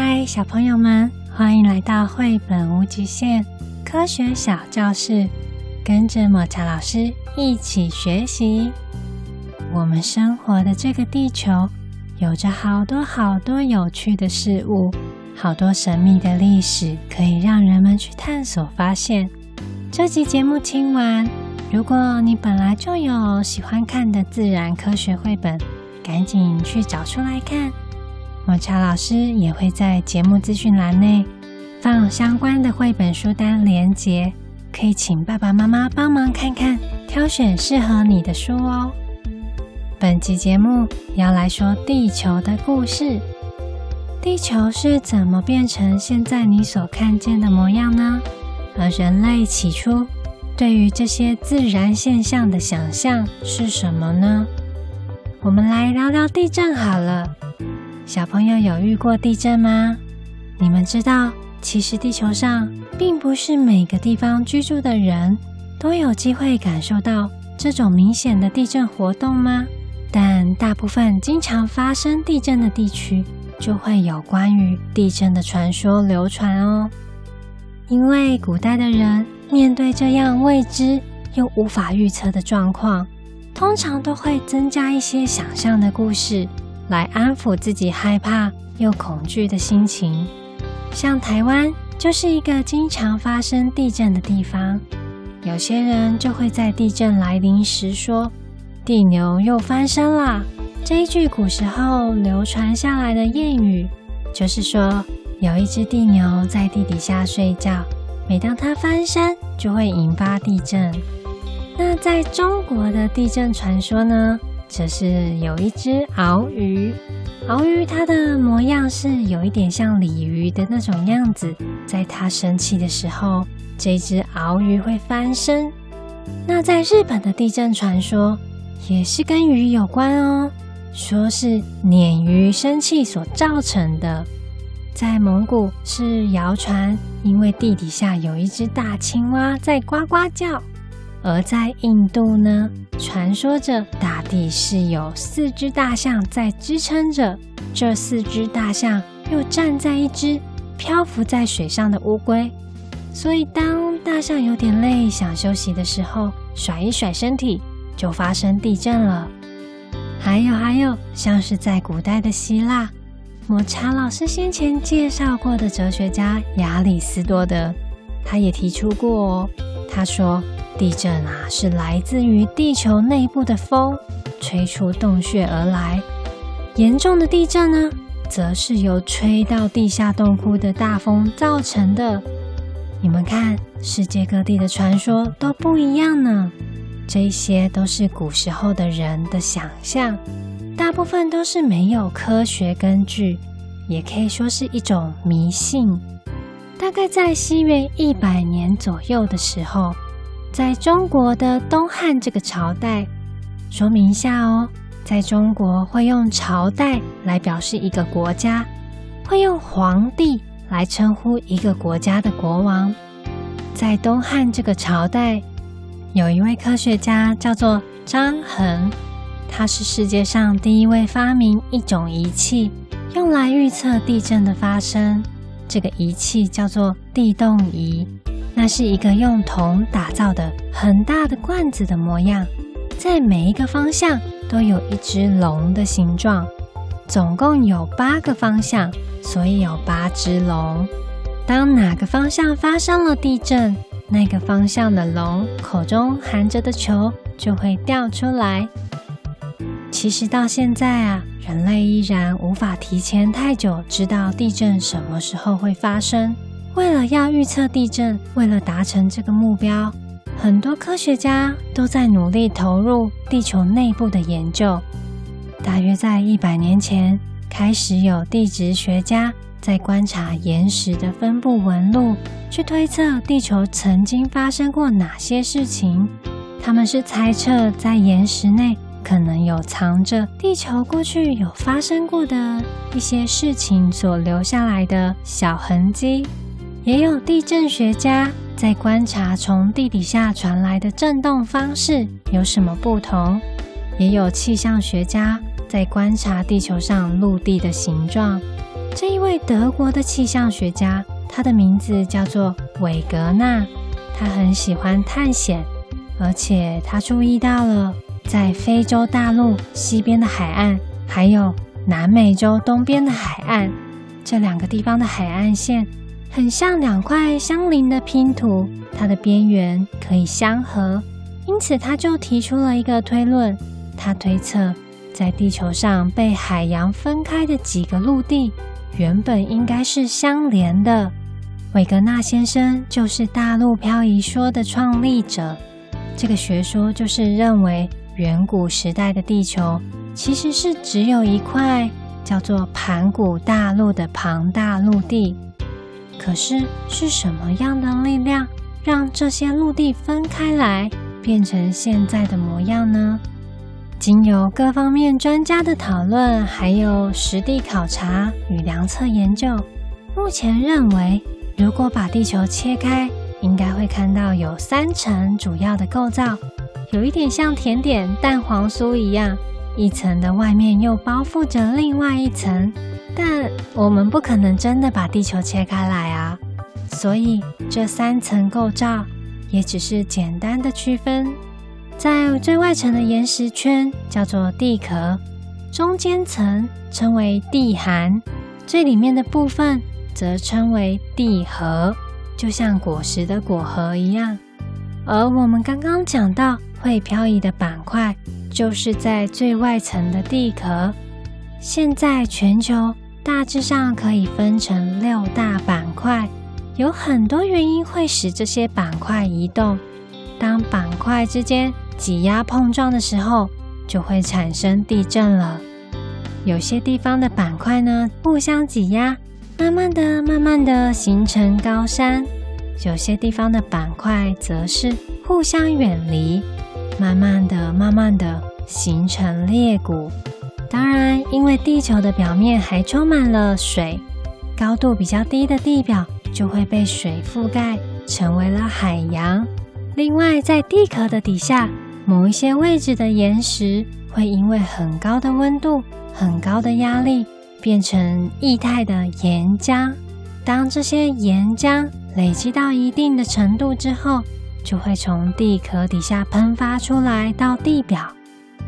嗨，小朋友們，歡迎來到繪本無極限科學小教室，跟着抹茶老師一起學習。我們生活的這個地球，有着好多好多有趣的事物，好多神祕的歷史，可以讓人們去探索發現。這集節目聽完，如果你本來就有喜歡看的自然科學繪本，趕緊去找出來看。我抹茶老師也會在節目資訊欄內放相關的繪本書單連結，可以請爸爸媽媽幫忙看看，挑選適合你的書哦。本期節目要來說地球的故事，地球是怎麼變成現在你所看見的模樣呢？而人類起初對於這些自然現象的想象是什麼呢？我們來聊聊地震好了。小朋友有遇過地震嗎？你們知道，其實地球上並不是每個地方居住的人都有機會感受到這種明顯的地震活動嗎？但大部分經常發生地震的地區，就會有關於地震的傳說流傳哦。因為古代的人面對這樣未知又無法預測的狀況，通常都會增加一些想象的故事，來安撫自己害怕又恐懼的心情。像台灣就是一個經常發生地震的地方，有些人就會在地震來臨時說：“地牛又翻身啦。”這一句古時候流傳下來的諺語，就是說有一隻地牛在地底下睡覺，每當它翻身，就會引發地震。那在中國的地震傳說呢？這是有一隻鰲魚，鰲魚它的模樣是有一點像鯉魚的那種樣子。在它生氣的時候，這隻鰲魚會翻身。那在日本的地震傳說也是跟魚有關哦，說是鯰魚生氣所造成的。在蒙古是謠傳，因為地底下有一隻大青蛙在呱呱叫。而在印度呢？傳說着大地是有四隻大象在支撐着，這四隻大象又站在一隻漂浮在水上的烏龜。所以，當大象有點累想休息的時候，甩一甩身體就發生地震了。還有還有，像是在古代的希臘，抹茶老師先前介紹過的哲學家亞里斯多德，他也提出過哦，他說。地震啊，是來自於地球內部的風吹出洞穴而來。嚴重的地震呢、啊，則是由吹到地下洞窟的大風造成的。你們看，世界各地的傳說都不一樣呢。這些都是古時候的人的想象，大部分都是沒有科學根據，也可以說是一種迷信。大概在西元一百年左右的時候。在中國的東漢這個朝代，說明一下哦，在中國會用朝代來表示一個國家，會用皇帝來稱呼一個國家的國王。在東漢這個朝代，有一位科學家叫做張衡，他是世界上第一位發明一種儀器，用來預測地震的發生。這個儀器叫做地動儀。那是一個用銅打造的很大的罐子的模樣，在每一個方向都有一隻龍的形狀，總共有八個方向，所以有八隻龍。當哪個方向發生了地震，那個方向的龍口中含着的球就會掉出來。其實到現在啊，人類依然無法提前太久知道地震什麼時候會發生。為了要預測地震，為了達成這個目標，很多科學家都在努力投入地球內部的研究。大約在一百年前，開始有地質學家在觀察岩石的分布紋路，去推測地球曾經發生過哪些事情。他們是猜測，在岩石內可能有藏着地球過去有發生過的一些事情所留下來的小痕跡。也有地震學家在觀察從地底下傳來的震動方式有什麼不同，也有氣象學家在觀察地球上陸地的形狀。這一位德國的氣象學家，他的名字叫做韋格納，他很喜歡探險，而且他注意到了在非洲大陸西邊的海岸，還有南美洲東邊的海岸，這兩個地方的海岸線。很像兩塊相鄰的拼圖，它的邊緣可以相合，因此他就提出了一個推論。他推測，在地球上被海洋分開的幾個陸地，原本應該是相連的。韋格納先生就是大陸漂移說的創立者。這個學說就是認為，遠古時代的地球其實是只有一塊叫做盤古大陸的龐大陸地。可是是什麼樣的力量讓這些陸地分開來，變成現在的模樣呢？經由各方面專家的討論，還有實地考察與量測研究，目前認為，如果把地球切開，應該會看到有三層主要的構造，有一點像甜點蛋黃酥一樣，一層的外面又包覆着另外一層。但我們不可能真的把地球切開來啊，所以這三層構造也只是簡單的區分。在最外層的岩石圈叫做地殼，中間層稱為地函，最裡面的部分則稱為地核，就像果實的果核一樣。而我們剛剛講到會漂移的板塊，就是在最外層的地殼。現在全球。大致上可以分成六大板塊，有很多原因會使這些板塊移動。當板塊之間擠壓碰撞的時候，就會產生地震了。有些地方的板塊呢，互相擠壓，慢慢的、慢慢的形成高山；有些地方的板塊則是互相遠離，慢慢的、慢慢的形成裂谷。當然，因為地球的表面還充滿了水，高度比較低的地表就會被水覆蓋，成為了海洋。另外，在地殼的底下，某一些位置的岩石會因為很高的溫度、很高的壓力，變成液態的岩漿。當這些岩漿累積到一定的程度之後，就會從地殼底下噴發出來到地表，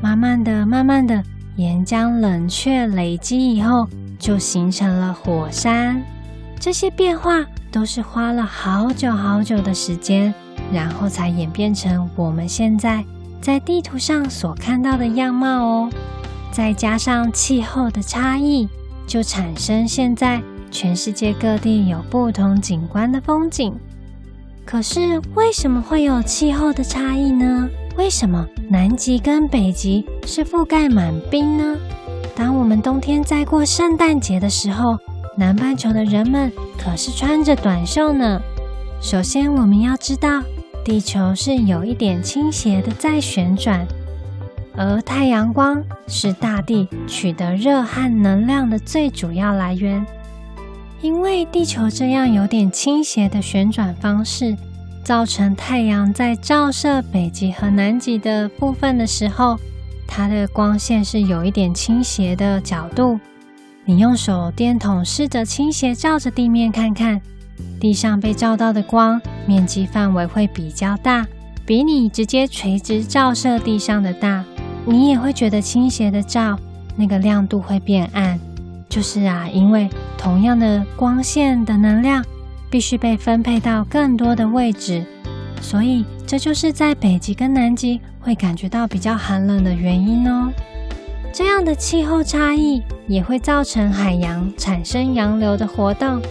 慢慢的、慢慢的。岩漿冷卻累積以後，就形成了火山。這些變化都是花了好久好久的時間，然後才演變成我們現在在地圖上所看到的樣貌哦。再加上氣候的差異，就產生現在全世界各地有不同景觀的風景。可是，為什麼會有氣候的差異呢？為什麼南極跟北極是覆蓋滿冰呢？當我們冬天在過聖誕節的時候，南半球的人們可是穿着短袖呢。首先，我們要知道地球是有一點傾斜的在旋轉，而太陽光是大地取得熱和能量的最主要來源。因為地球這樣有點傾斜的旋轉方式。造成太陽在照射北極和南極的部分的時候，它的光線是有一點傾斜的角度。你用手電筒試着傾斜照着地面看看，地上被照到的光面積範圍會比較大，比你直接垂直照射地上的大。你也會覺得傾斜的照，那個亮度會變暗。就是啊，因為同樣的光線的能量。必須被分配到更多的位置，所以這就是在北極跟南極會感覺到比較寒冷的原因哦。這樣的氣候差異也會造成海洋產生洋流的活動。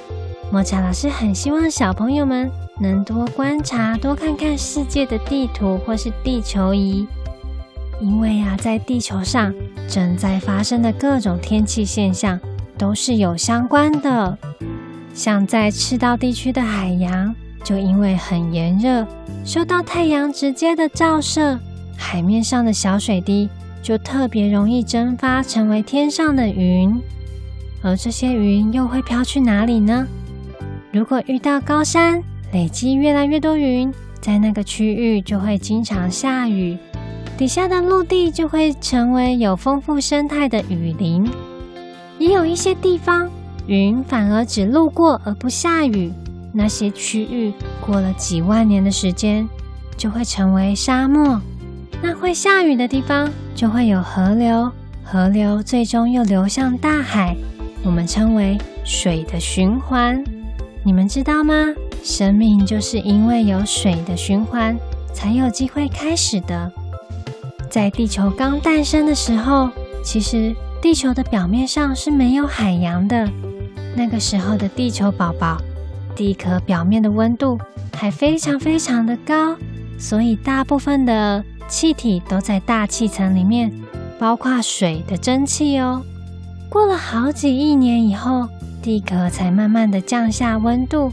莫查老師很希望小朋友們能多觀察、多看看世界的地圖或是地球儀，因為啊，在地球上正在發生的各種天氣現象都是有相關的。像在赤道地區的海洋，就因為很炎熱，受到太陽直接的照射，海面上的小水滴就特別容易蒸發成為天上的雲。而這些雲又會飄去哪裡呢？如果遇到高山，累積越來越多雲，在那個區域就會經常下雨，底下的陸地就會成為有豐富生態的雨林。也有一些地方。雲反而只路過而不下雨，那些區域過了幾萬年的時間，就會成為沙漠。那會下雨的地方就會有河流，河流最終又流向大海，我們稱為水的循環。你們知道嗎？生命就是因為有水的循環，才有機會開始的。在地球剛誕生的時候，其實地球的表面上是沒有海洋的。那個時候的地球寶寶，地殼表面的溫度還非常非常的高，所以大部分的氣體都在大氣層裡面，包括水的蒸汽哦。過了好幾億年以後，地殼才慢慢的降下溫度，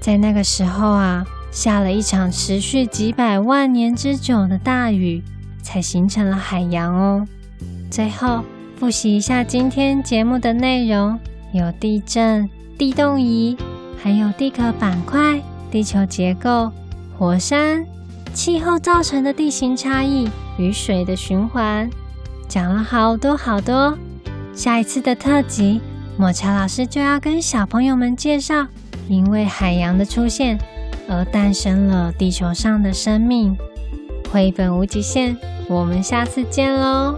在那個時候啊，下了一場持續幾百萬年之久的大雨，才形成了海洋哦。最後複習一下今天節目的內容。有地震、地動儀，還有地殼板塊、地球結構、火山、氣候造成的地形差異與水的循環，講了好多好多。下一次的特輯，抹茶老師就要跟小朋友們介紹，因為海洋的出現而誕生了地球上的生命。繪本無極限，我們下次見嘍。